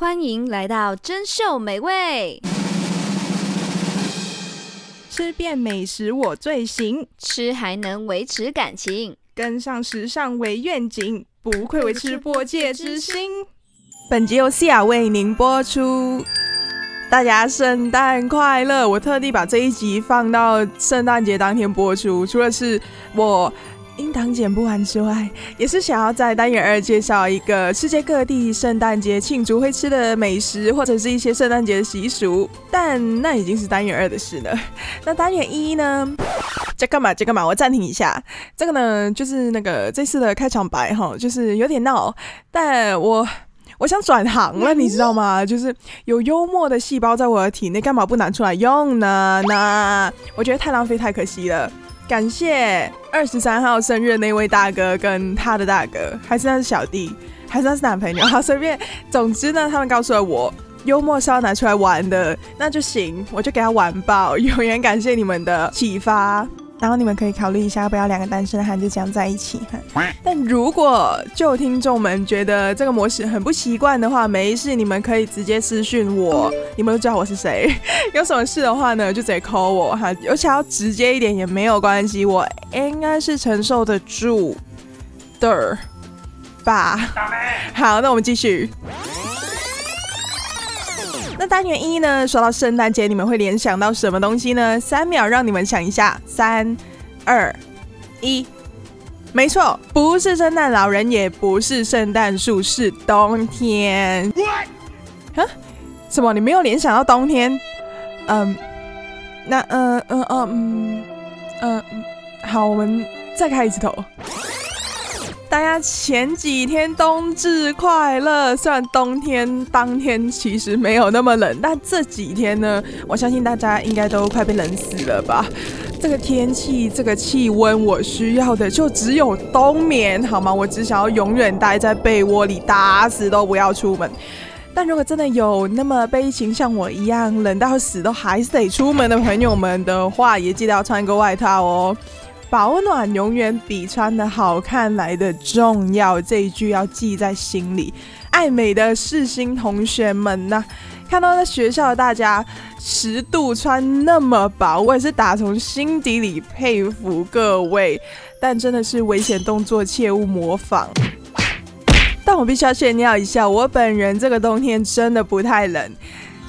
歡迎來到珍饈美味，吃遍美食我最行，吃還能維持感情，跟上時尚為願景，不愧為吃播界之星。 本集由西亞為您播出，大家聖誕快樂！我特地把這一集放到聖誕節當天播出，除了是我櫻桃剪不完之外，也是想要在單元二介紹一個世界各地聖誕節慶祝會吃的美食，或者是一些聖誕節的習俗。但那已經是單元二的事了。那單元一呢？在幹嘛？在幹嘛？我暫停一下。這個呢，就是那個這次的開場白哈，就是有點鬧。但我我想轉行了，你知道嗎？就是有幽默的細胞在我的體內，幹嘛不拿出來用呢？那我覺得太浪費，太可惜了。感謝二十三號生日的那位大哥跟他的大哥，還是那是小弟，還是那是男朋友，好隨便。總之呢，他們告訴了我，幽默是要拿出來玩的，那就行，我就給他玩爆。永遠感謝你們的啟發。然後你們可以考慮一下要不要兩個單身的漢就這樣在一起，但如果就聽眾們覺得這個模式很不習慣的話，沒事，你們可以直接私訊我。嗯，你們都知道我是誰。 有什麼事的話呢，就直接 call 我哈，尤其要直接一點也沒有關係，我應該是承受得住的吧。好，那我們繼續。嗯那單元一呢？說到聖誕節，你們會聯想到什麼東西呢？三秒讓你們想一下，三、二、一，沒錯，不是聖誕老人，也不是聖誕樹，是冬天。哈？什麼？你沒有聯想到冬天？嗯，那嗯嗯嗯嗯嗯，好，我們再開一次頭。大家前幾天冬至快樂！雖然冬天當天其實沒有那麼冷，但這幾天呢，我相信大家應該都快被冷死了吧？這個天氣，這個氣溫，我需要的就只有冬眠，好嗎？我只想要永遠待在被窩裡，打死都不要出門。但如果真的有那麼悲情，像我一樣冷到死都還是得出門的朋友們的話，也記得要穿一個外套哦。保暖永遠比穿的好看來的重要，這一句要記在心裡，愛美的四星同學們吶、啊，看到在學校的大家十度穿那麼薄，我也是打從心底裡佩服各位，但真的是危險動作，切勿模仿。但我必須要炫耀一下，我本人這個冬天真的不太冷。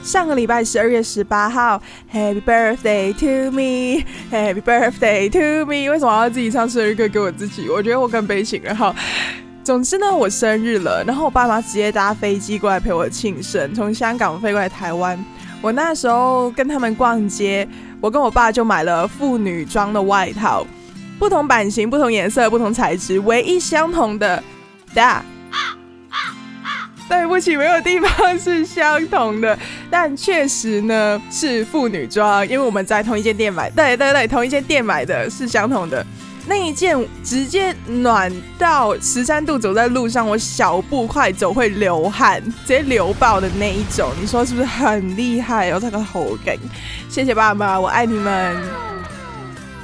上個禮拜十二月十八號，Happy birthday to me，Happy birthday to me。為什麼我要自己唱生日歌給我自己？我覺得我更悲情。然後，總之呢，我生日了，然後我爸媽直接搭飛機過來陪我慶生，從香港飛過來台灣。我那時候跟他們逛街，我跟我爸就買了父女裝的外套，不同版型、不同顏色、不同材質，唯一相同的大。Da. 對不起，沒有地方是相同的，但確實呢是婦女裝，因為我們在同一間店買，對對對，同一間店買的是相同的那一件，直接暖到十三度，走在路上我小步快走會流汗，直接流爆的那一種，你說是不是很厲害哦？這個好感，謝謝爸爸，我愛你們。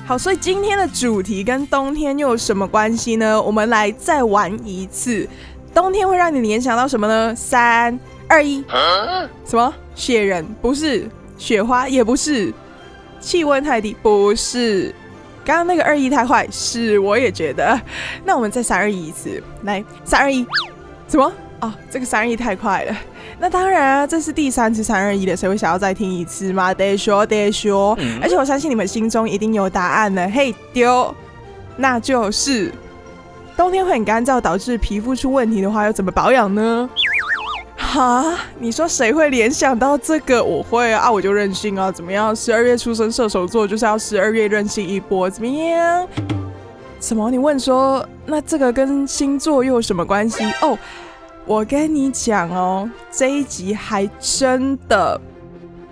好，所以今天的主題跟冬天又有什麼關係呢？我們來再玩一次。冬天會讓你聯想到什麼呢？三二一，什麼？雪人不是，雪花也不是，氣溫太低不是。剛剛那個二一太快，是，我也覺得。那我們再三二一一次，來，三二一，什麼？哦，這個三二一太快了。那當然、啊，這是第三次三二一了，誰會想要再聽一次嗎？得說，得說、嗯。而且我相信你們心中一定有答案了。嘿、hey, 丟，那就是。冬天會很乾燥，導致皮膚出問題的話，要怎麼保養呢？哈，你說誰會聯想到這個？我會啊，啊我就任性啊，怎麼樣？十二月出生射手座就是要十二月任性一波，怎麼樣？什麼？你問說那這個跟星座又有什麼關係？哦，我跟你講哦，這一集還真的。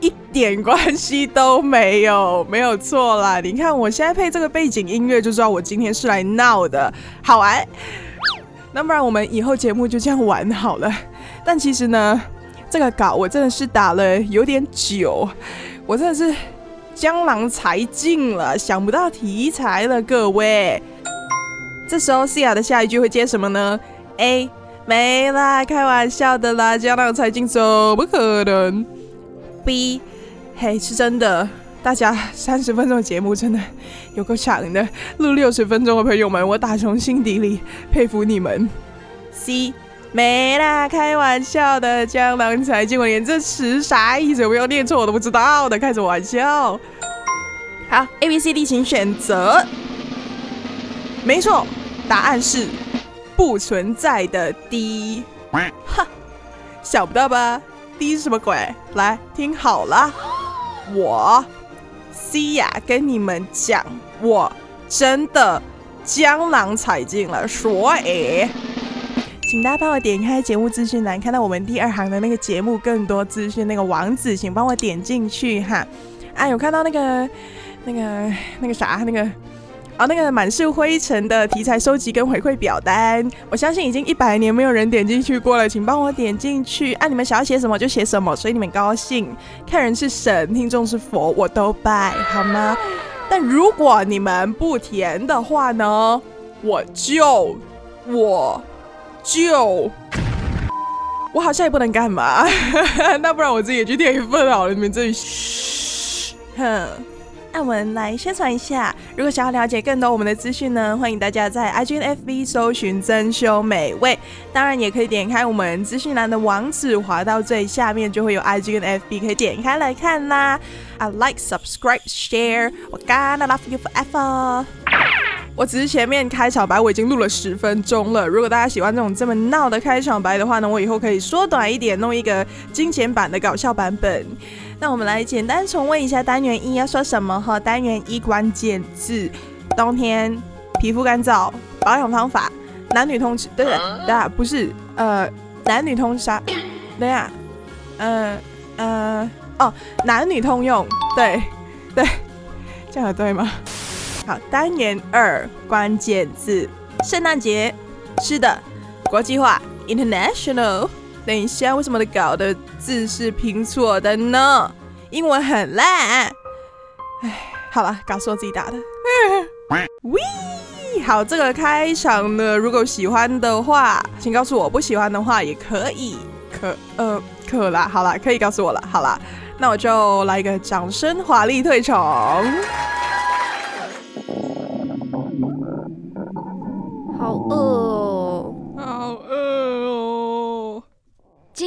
一點關係都沒有，沒有錯啦。你看我現在配這個背景音樂，就知道我今天是來鬧的，好玩。那不然我們以後節目就這樣玩好了。但其實呢，這個稿我真的是打了有點久，我真的是江郎才盡了，想不到題材了，各位。 這時候西雅的下一句會接什麼呢？誒沒啦，開玩笑的啦，江郎才盡怎麼可能？B，嘿、hey，是真的。大家，三十分鐘的節目真的有夠長的。錄六十分鐘的朋友們，我打從心底裡佩服你們。C，沒啦，開玩笑的。江郎才盡，結果連這詞啥意思有沒有念錯我都不知道的，開什麼玩笑。好，A、B、C、D，請選擇。沒錯，答案是不存在的 D。D，哈，想不到吧？第一是什麼鬼？來聽好了，我西雅跟你們講，我真的江郎才盡了，所以請大家幫我點開節目資訊欄，看到我們第二行的那個節目更多資訊那個網址，請幫我點進去哈。哎，有看到那個、那個、那個啥、那個？啊、哦，那個滿是灰塵的題材收集跟回饋表單，我相信已經一百年沒有人點進去過了，請幫我點進去，啊！你們想要寫什麼就寫什麼，所以你們高興，看人是神，聽眾是佛，我都拜，好嗎？但如果你們不填的話呢，我就，我就，我好像也不能幹嘛， 那不然我自己也去填一份好了，你們自己噓，哼。那我們來宣傳一下，如果想要了解更多我們的資訊呢，歡迎大家在 IG 跟 FB 搜尋“真饈美味”，當然也可以點開我們資訊欄的網址，滑到最下面就會有 IG 跟 FB 可以點開來看啦。I、啊、like, subscribe, share, 我 gonna love you forever。我只是前面開場白我已經錄了十分鐘了，如果大家喜歡這種這麼鬧的開場白的話呢，我以後可以縮短一點，弄一個精簡版的搞笑版本。那我們來簡單重溫一下單元一要說什麼和單元一關鍵字：冬天，皮膚乾燥，保養方法，男女通吃，對對、啊，不是，呃，男女通殺？對呀、啊，嗯、呃、嗯、呃、哦，男女通用，對對，這樣對嗎？好，單元二關鍵字：聖誕節，是的，國際化，international。等一下，為什麼的稿的字是拼錯的呢？英文很爛。哎，好了，稿是我自己打的，呵呵、呃。喂，好，這個開場呢，如果喜歡的話，請告訴我，不喜歡的話也可以，可呃可啦，好啦，可以告訴我了。好啦，那我就來一個掌聲，華麗退場。好餓、哦。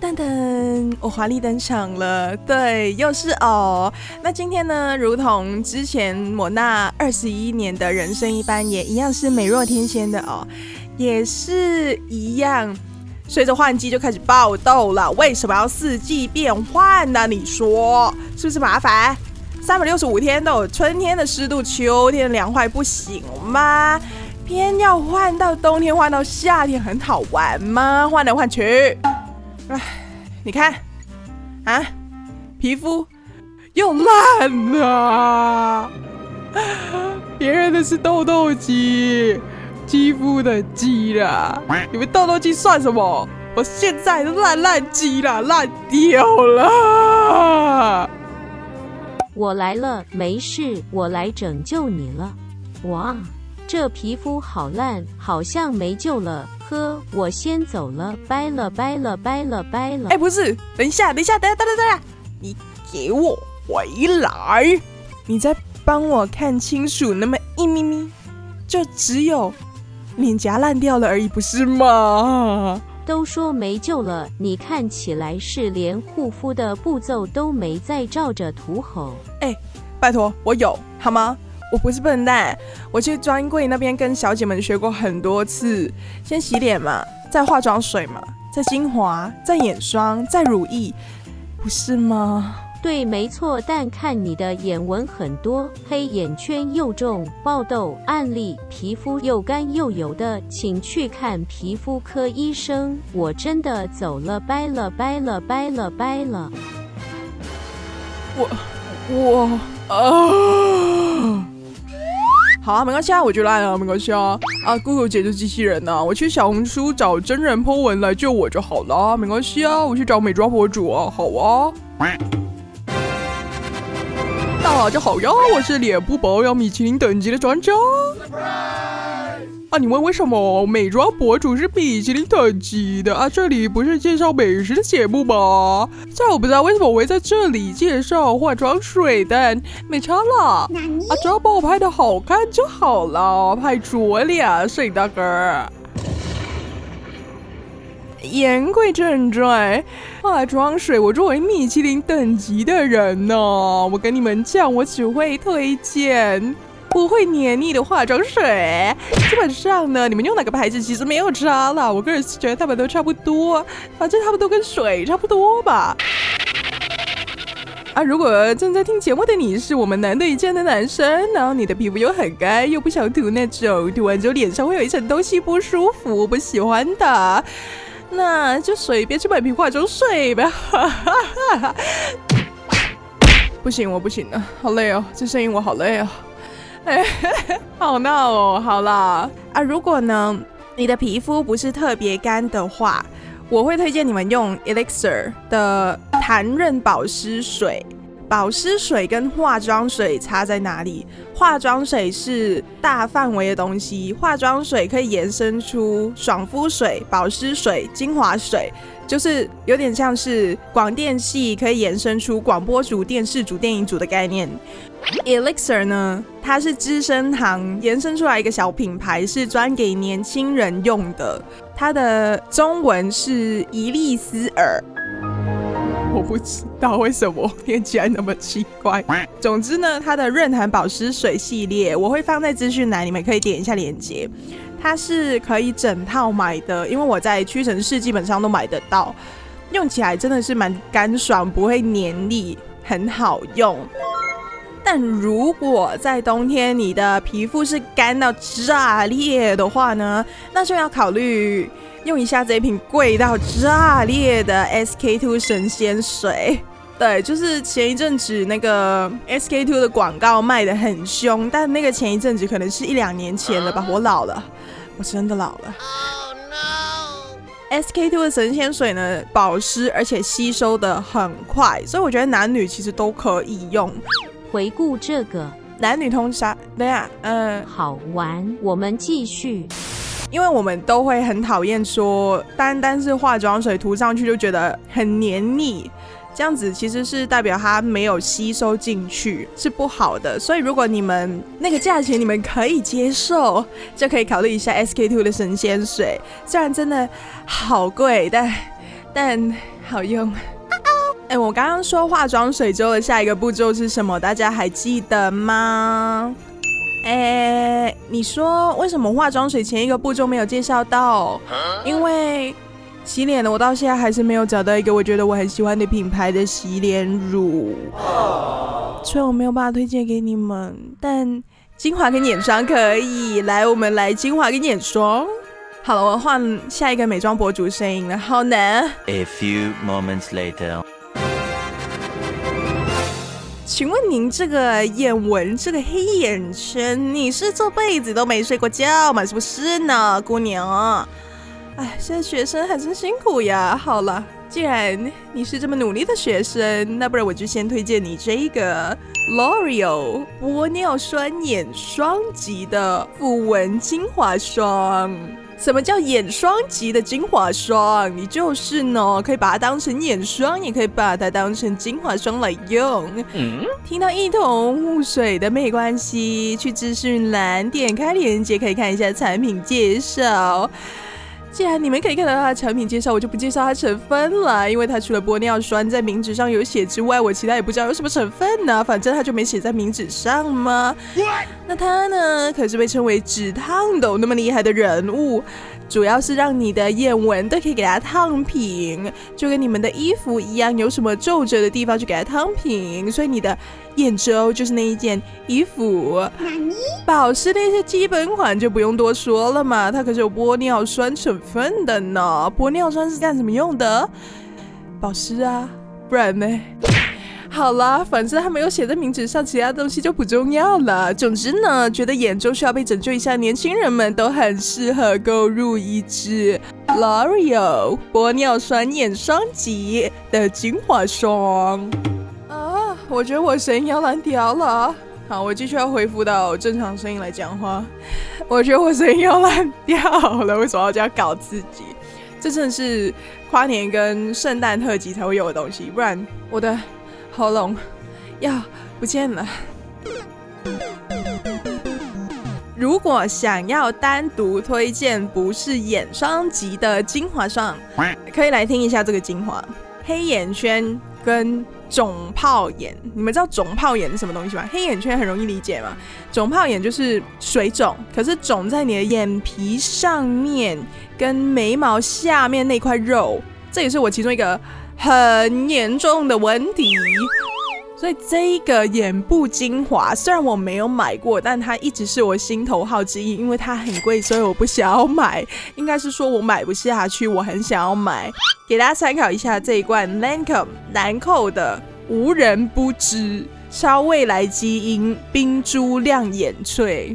噔噔，我華麗登場了。對，又是哦。那今天呢，如同之前我那二十一年的人生一般，也一樣是美若天仙的哦。也是一樣。隨着換季就開始爆痘了，為什麼要四季變換呢、啊？你說是不是麻煩？三百六十五天都有春天的濕度，秋天涼快不行嗎？偏要換到冬天，換到夏天，很好玩嗎？換來換去。哎、啊，你看，啊，皮膚又爛了、啊。別人的是痘痘肌，肌膚的肌了。你們痘痘肌算什麼？我現在都爛爛肌了，爛掉了。我來了，沒事，我來拯救你了。哇、wow.！這皮膚好爛，好像沒救了。呵，我先走了，拜了，拜了，拜了，拜了。哎、欸，不是，等一下，等一下，等下，等下，等下，你給我回來！你再幫我看清楚，那麼一咪咪，就只有臉頰爛掉了而已，不是嗎？都說沒救了，你看起來是連護膚的步驟都沒在照着塗。吼。哎、欸，拜托，我有好嗎？我不是笨蛋，我去專櫃那邊跟小姐們學過很多次，先洗臉嘛，再化妝水嘛，再精華，再眼霜，再乳液，不是嗎？對，沒錯。但看你的眼紋很多，黑眼圈又重，爆痘，暗粒，皮膚又乾又油的，請去看皮膚科醫生。我真的走了，拜了，拜了，拜了，拜了，了，了。我我哦、啊好、啊，沒關係、啊，啊我就來了，沒關係啊。啊，Google 姐姐機器人呢、啊？我去小紅書找真人 PO 文來救我就好了，沒關係啊。我去找美妝博主啊，好啊。大、呃、家好呀，我是臉部保養米其林等級的專家。Surprise! 啊！你問為什麼美妝博主是米其林等級的啊？這裡不是介紹美食的節目嗎？雖然我不知道為什麼我會在這裡介紹化妝水，但沒差了。啊，只要把我拍的好看就好了，拍足了，攝影大哥。言歸正傳，化妝水，我作為米其林等級的人呢、啊，我跟你們講，我只會推薦。不會黏膩的化妝水，基本上呢，你們用哪個牌子其實沒有差啦。我個人是覺得他們都差不多，反正他們都跟水差不多吧。啊，如果正在聽節目的你是我們難得一見的男生，然後你的皮膚又很乾，又不想塗那種塗完之後臉上會有一層東西不舒服，不喜歡的，那就隨便去買瓶化妝水吧。 不行，我不行了，好累哦，這聲音我好累哦。哎，好鬧哦！好啦，啊，如果呢，你的皮膚不是特別乾的話，我會推薦你們用 Elixir 的彈潤保濕水。保濕水跟化妝水差在哪裡？化妝水是大範圍的東西，化妝水可以延伸出爽膚水、保濕水、精華水，就是有點像是廣電系可以延伸出廣播組、電視組、電影組的概念。Elixir 呢，它是資生堂延伸出來一個小品牌，是專給年輕人用的，它的中文是怡麗絲爾。我不知道為什麼聽起來那麼奇怪。總之呢，它的彈潤保濕水系列我會放在資訊欄，你們可以點一下鏈接。它是可以整套買的，因為我在屈臣氏基本上都買得到。用起來真的是蠻乾爽，不會黏膩，很好用。但如果在冬天你的皮膚是乾到炸裂的話呢，那就要考慮。用一下這一瓶貴到炸裂的 SK Two 神仙水。對，就是前一陣子那個 SK Two 的廣告賣得很兇，但那個前一陣子可能是一兩年前了吧，啊，我老了，我真的老了。Oh, no. SK Two 的神仙水呢，保濕而且吸收得很快，所以我覺得男女其實都可以用。回顧這個男女通殺，等下，啊，嗯、呃，好玩，我們繼續。因為我們都會很討厭說，單單是化妝水塗上去就覺得很黏膩，這樣子其實是代表它沒有吸收進去，是不好的。所以如果你們那個價錢你們可以接受，就可以考慮一下 SK-II 的神仙水，雖然真的好貴，但但好用。哎，我剛剛說化妝水之後的下一個步驟是什麼？大家還記得嗎？哎，你說為什麼化妝水前一個步驟沒有介紹到？Huh? 因為洗臉的，我到現在還是沒有找到一個我覺得我很喜歡的品牌的洗臉乳。雖、oh. 然我沒有辦法推薦給你們，但精華跟眼霜可以來，我們來精華跟眼霜。好了，我要換下一個美妝博主的聲音了，好難。A few moments later. 請問您這個眼紋、這個黑眼圈，你是這輩子都沒睡過覺嗎？是不是呢，姑娘？哎，現在學生還真辛苦呀。好了，既然你是這麼努力的學生，那不然我就先推薦你這個 L'Oreal 玻尿酸眼霜級的撫紋精華霜。什麼叫眼霜級的精華霜？你就是呢，可以把它當成眼霜，也可以把它當成精華霜來用。嗯，聽到一頭霧水的沒關係，去資訊欄點開鏈接，可以看一下產品介紹。既然你們可以看到它的產品介紹，我就不介紹它成分了，因為它除了玻尿酸在名字上有寫之外，我其他也不知道有什麼成分呢、啊。反正它就沒寫在名字上嘛。那它呢，可是被稱為紫熨斗那麼厲害的人物。主要是讓你的眼紋都可以給它燙平，就跟你們的衣服一樣，有什麼皺褶的地方就給它燙平。所以你的眼周就是那一件衣服。媽咪，保濕那些基本款就不用多說了嘛，它可是有玻尿酸成分的呢。玻尿酸是幹什麼用的？保濕啊，不然呢？好啦，反正他沒有寫在名字上，其他東西就不重要了。總之呢，覺得眼周需要被拯救一下，年輕人們都很適合購入一支 L'Oreal 玻尿酸眼霜級的精華霜。啊，我覺得我聲音要爛掉了。好，我繼續要恢復到正常聲音來講話。我覺得我聲音要爛掉了，為什麼要這樣搞自己？這真的是跨年跟聖誕特輯才會有的東西，不然我的。喉嚨，呀，不見了。如果想要單獨推薦不是眼霜級的精華霜，可以來聽一下這個精華。黑眼圈跟腫泡眼，你們知道腫泡眼是什麼東西嗎？黑眼圈很容易理解嘛，腫泡眼就是水腫，可是腫在你的眼皮上面跟眉毛下面那塊肉，這也是我其中一個。很嚴重的問題，所以這個眼部精華雖然我沒有買過，但它一直是我心頭好之一，因為它很貴，所以我不想要買，應該是說我買不下去，我很想要買，給大家參考一下這一罐 Lancome 蘭蔻的無人不知超未來肌因冰珠亮眼粹。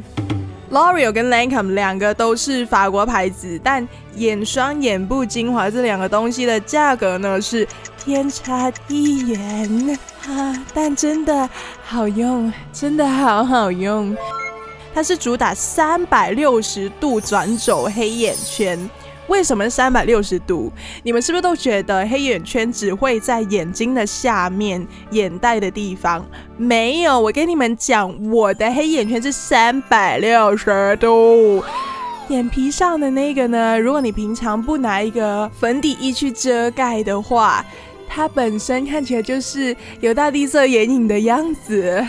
L'Oreal 跟 Lancome 兩個都是法國牌子，但眼霜、眼部精華這兩個東西的價格呢是天差地遠哈、啊，但真的好用，真的好好用，它是主打三百六十度轉走黑眼圈。為什麼是三百六十度？你們是不是都覺得黑眼圈只會在眼睛的下面、眼袋的地方？沒有，我跟你們講，我的黑眼圈是三百六十度。眼皮上的那個呢？如果你平常不拿一個粉底液去遮蓋的話，它本身看起來就是有大地色眼影的樣子。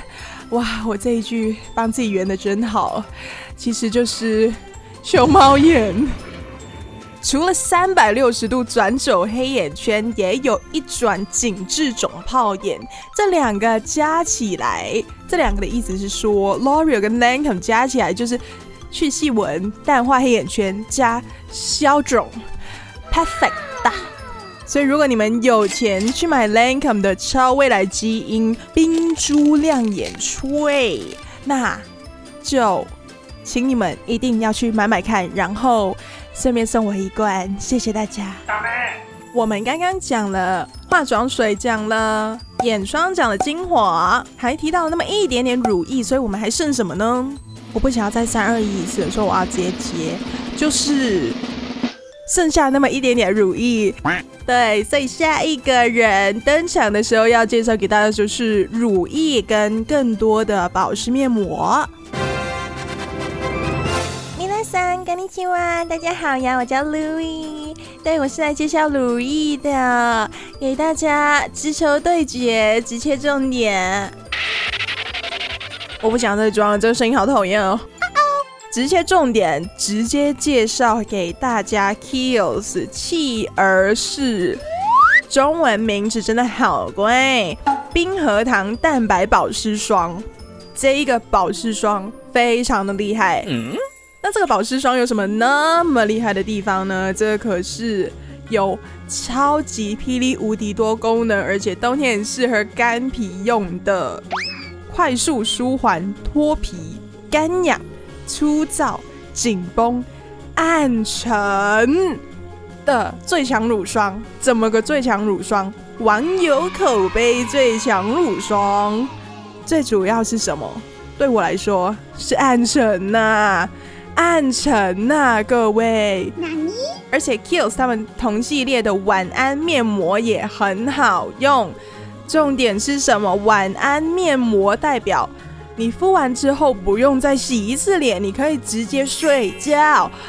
哇，我這一句幫自己圓的真好，其實就是熊貓眼。除了三百六十度轉走黑眼圈，也有一轉緊致腫泡眼。這兩個加起來，這兩個的意思是說，L'Oreal 跟 Lancome 加起來就是去細紋、淡化黑眼圈加消腫。Perfect。所以，如果你們有錢去買 Lancome 的超未來肌因冰珠亮眼粹，那就請你們一定要去買買看，然後。順便送我一罐，謝謝大家。我們剛剛講了化妝水，講了眼霜，講了精華，還提到了那麼一點點乳液，所以我們還剩什麼呢？我不想要再三二一，所以說我要直接接，就是剩下那麼一點點乳液。對，所以下一個人登場的時候，要介紹給大家的就是乳液跟更多的保濕面膜。各位親們，大家好呀！我叫 Louis，對，我是來介紹 Louis 的，給大家直球對決，直切重點。我不想再裝了，這個聲音好討厭哦！ 直切重點，直接介紹給大家，KIEHL'S 契爾氏，中文名字真的好乖。冰河醣蛋白保濕霜，這一個保濕霜非常的厲害。嗯那這個保濕霜有什麼那麼厲害的地方呢？這可是有超級霹靂無敵多功能，而且冬天很適合乾皮用的，快速舒緩、脫皮、乾癢、粗糙、緊繃、暗沉的最強乳霜。怎麼個最強乳霜？網友口碑最強乳霜，最主要是什麼？對我來說是暗沉吶、啊。暗沉吶、啊，各位！而且 KIEHL'S 他們同系列的晚安面膜也很好用，重點是什麼？晚安面膜代表。你敷完之後不用再洗一次臉，你可以直接睡覺，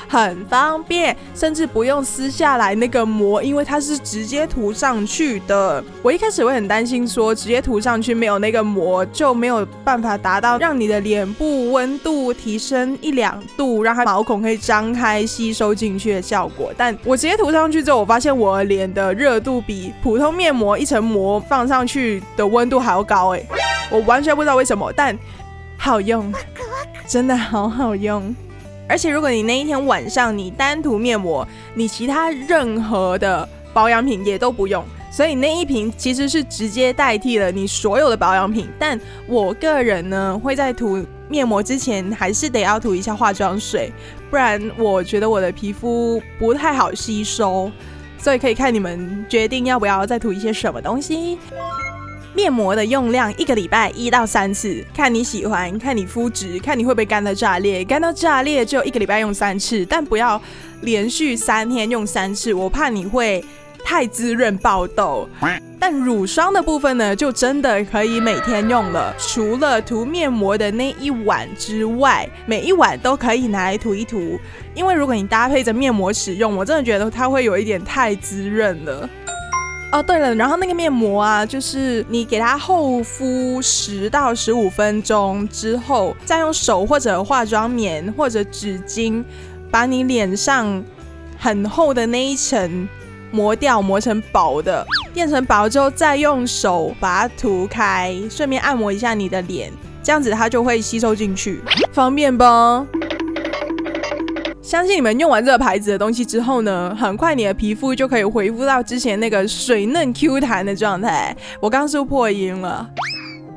很方便，甚至不用撕下來那個膜，因為它是直接塗上去的。我一開始會很擔心說，直接塗上去沒有那個膜就沒有辦法達到讓你的臉部溫度提升一兩度，讓它毛孔可以張開吸收進去的效果。但我直接塗上去之後，我發現我臉的熱度比普通面膜一層膜放上去的溫度還要高欸，我完全不知道為什麼，但。好用，真的好好用。而且如果你那一天晚上你單塗面膜，你其他任何的保養品也都不用。所以那一瓶其實是直接代替了你所有的保養品。但我個人呢，會在塗面膜之前還是得要塗一下化妝水，不然我覺得我的皮膚不太好吸收。所以可以看你們決定要不要再塗一些什麼東西。面膜的用量，一個禮拜一到三次，看你喜歡，看你膚質，看你會不會乾得炸裂。乾到炸裂就一個禮拜用三次，但不要連續三天用三次，我怕你會太滋潤爆痘。但乳霜的部分呢，就真的可以每天用了，除了塗面膜的那一晚之外，每一晚都可以拿來塗一塗。因為如果你搭配着面膜使用，我真的覺得它會有一點太滋潤了。哦，對了，然後那個面膜啊，就是你給它厚敷十到十五分鐘之後，再用手或者化妝棉或者紙巾，把你臉上很厚的那一層磨掉，磨成薄的，變成薄之後，再用手把它塗開，順便按摩一下你的臉，這樣子它就會吸收進去，方便不？相信你們用完這個牌子的東西之後呢，很快你的皮膚就可以恢復到之前那個水嫩 Q 彈的狀態。我剛是破音了。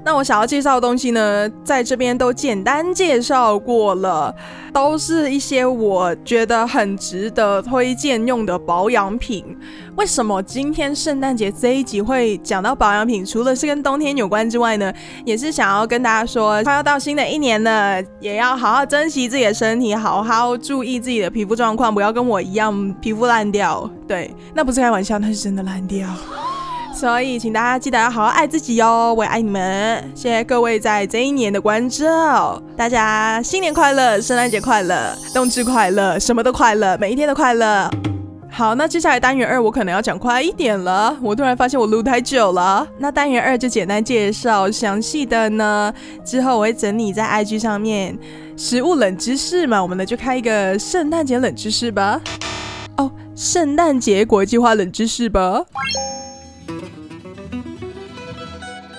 那我想要介紹的東西呢，在這邊都簡單介紹過了，都是一些我覺得很值得推薦用的保養品。為什麼今天聖誕節這一集會講到保養品？除了是跟冬天有關之外呢，也是想要跟大家說，快要到新的一年了，也要好好珍惜自己的身體，好好注意自己的皮膚狀況，不要跟我一樣皮膚爛掉。對，那不是開玩笑，那是真的爛掉。所以，請大家記得要好好愛自己喲！我也愛你們，謝謝各位在這一年的關照。大家新年快樂，聖誕節快樂，冬至快樂，什麼都快樂，每一天都快樂。好，那接下來單元二我可能要講快一點了。我突然發現我錄太久了，那單元二就簡單介紹，詳細的呢之後我會整理在 IG 上面。食物冷知識嘛，我們呢就開一個聖誕節冷知識吧。哦，聖誕節國際化冷知識吧。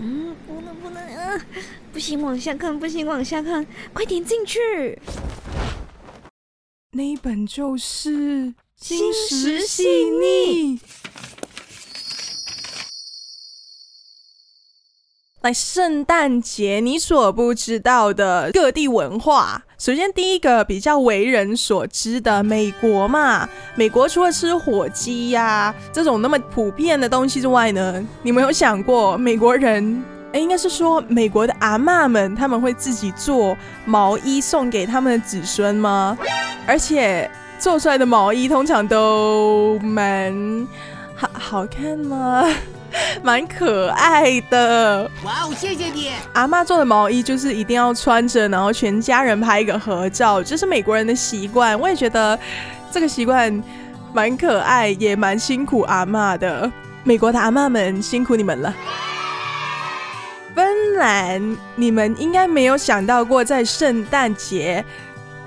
嗯，不能不能，啊，不行，往下看，不行，往下看，快點進去。那一本就是心食細膩。來，聖誕節你所不知道的各地文化。首先，第一個比較為人所知的美國嘛，美國除了吃火雞呀、啊、這種那麼普遍的東西之外呢，你們有想過美國人，誒，應該是說美國的阿嬤們他們會自己做毛衣送給他們的子孫嗎？而且做出來的毛衣通常都蠻好好看嗎？蠻可愛的，哇哦！謝謝你，阿嬤，做的毛衣就是一定要穿着，然後全家人拍一個合照，這是美國人的習慣。我也覺得這個習慣蠻可愛，也蠻辛苦阿嬤的。美國的阿嬤們辛苦你們了。Yeah! 芬蘭，你們應該沒有想到過在，在聖誕節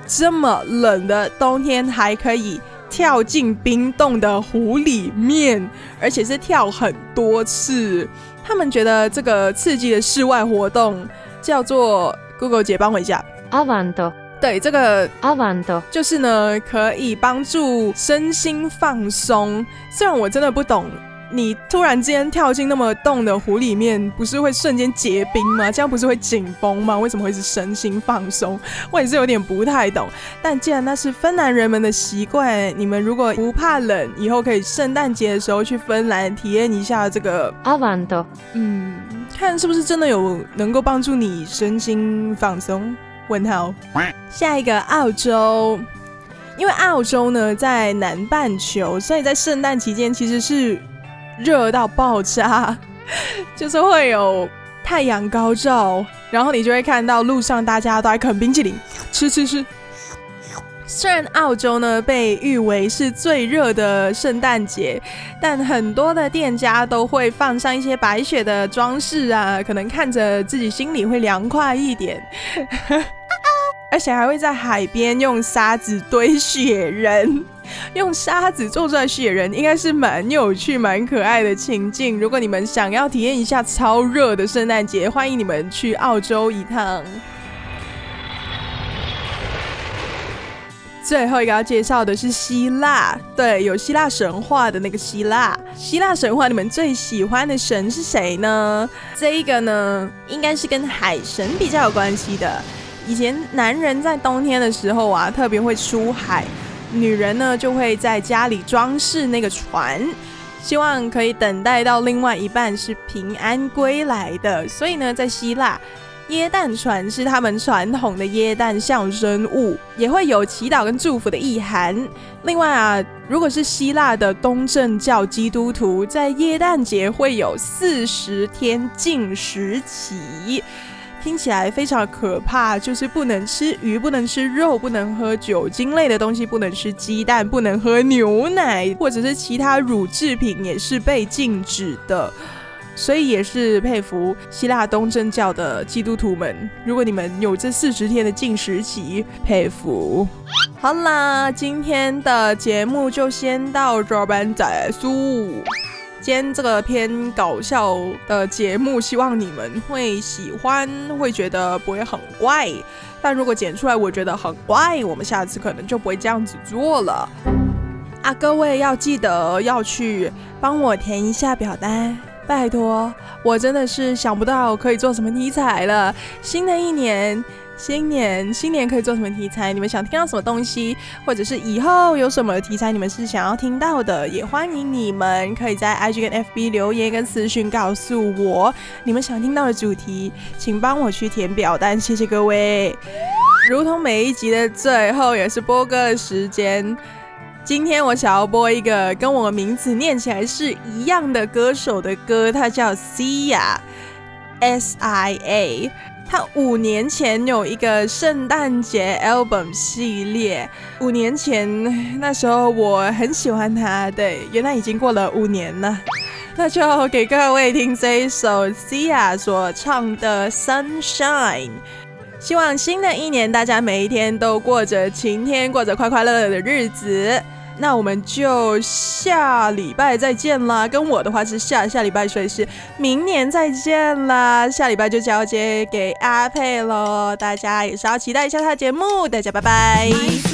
這麼冷的冬天還可以。跳進冰凍的湖裡面，而且是跳很多次。他們覺得這個刺激的室外活動叫做 Google 姊幫我一下，Avanto。對，這個 Avanto 就是呢，可以幫助身心放鬆。雖然我真的不懂。你突然之間跳進那麼凍的湖裡面，不是會瞬間結冰嗎？這樣不是會緊繃嗎？為什麼會是身心放鬆？我也是有點不太懂。但既然那是芬蘭人們的習慣，你們如果不怕冷，以後可以聖誕節的時候去芬蘭體驗一下這個阿凡多，嗯、啊，看是不是真的有能夠幫助你身心放鬆？問號、哦嗯。下一個澳洲，因為澳洲呢在南半球，所以在聖誕期間其實是。熱到爆炸，就是會有太陽高照，然後你就會看到路上大家都在啃冰淇淋，吃吃吃。雖然澳洲呢被譽為是最熱的聖誕節，但很多的店家都會放上一些白雪的裝飾啊，可能看着自己心裡會涼快一點， 而且還會在海邊用沙子堆雪人。用沙子做出來雪人，應該是蠻有趣，蠻可愛的情境。如果你們想要體驗一下超熱的聖誕節，歡迎你們去澳洲一趟。最後一個要介紹的是希臘，對，有希臘神話的那個希臘。希臘神話，你們最喜歡的神是誰呢？這一個呢，應該是跟海神比較有關係的。以前男人在冬天的時候啊，特別會出海。女人呢，就會在家裡裝飾那個船，希望可以等待到另外一半是平安歸來的。所以呢，在希臘，耶誕船是他們傳統的耶誕象徵物，也會有祈禱跟祝福的意涵。另外啊，如果是希臘的東正教基督徒，在耶誕節會有四十天禁食期。聽起來非常可怕，就是不能吃魚，不能吃肉，不能喝酒精類的東西，不能吃雞蛋，不能喝牛奶，或者是其他乳製品也是被禁止的。所以也是佩服希臘東正教的基督徒們。如果你們有這四十天的禁食期，佩服。好啦，今天的節目就先到這，班仔書。今天這個偏搞笑的節目，希望你們會喜歡，會覺得不會很怪。但如果剪出來我覺得很怪，我們下次可能就不會這樣子做了。啊，各位要記得要去幫我填一下表單，拜託，我真的是想不到可以做什麼題材了。新的一年。新年，新年可以做什麼題材？你們想聽到什麼東西，或者是以後有什麼題材你們是想要聽到的，也歡迎你們可以在 IG 跟 FB 留言跟私訊告訴我你們想聽到的主題，請幫我去填表單，謝謝各位。如同每一集的最後，也是播歌的時間。今天我想要播一個跟我的名字念起來是一樣的歌手的歌，他叫 Sia，S I A。他五年前有一個聖誕節 album 系列，五年前那時候我很喜歡他，對，原來已經過了五年了，那就給各位聽這一首 Sia 所唱的 Sunshine，希望新的一年大家每一天都過着晴天，過着快快樂樂的日子。那我們就下禮拜再見啦。跟我的話是下下禮拜，所以是明年再見啦。下禮拜就交接給阿佩嘍，大家也是要期待一下他的節目。大家拜拜。Bye.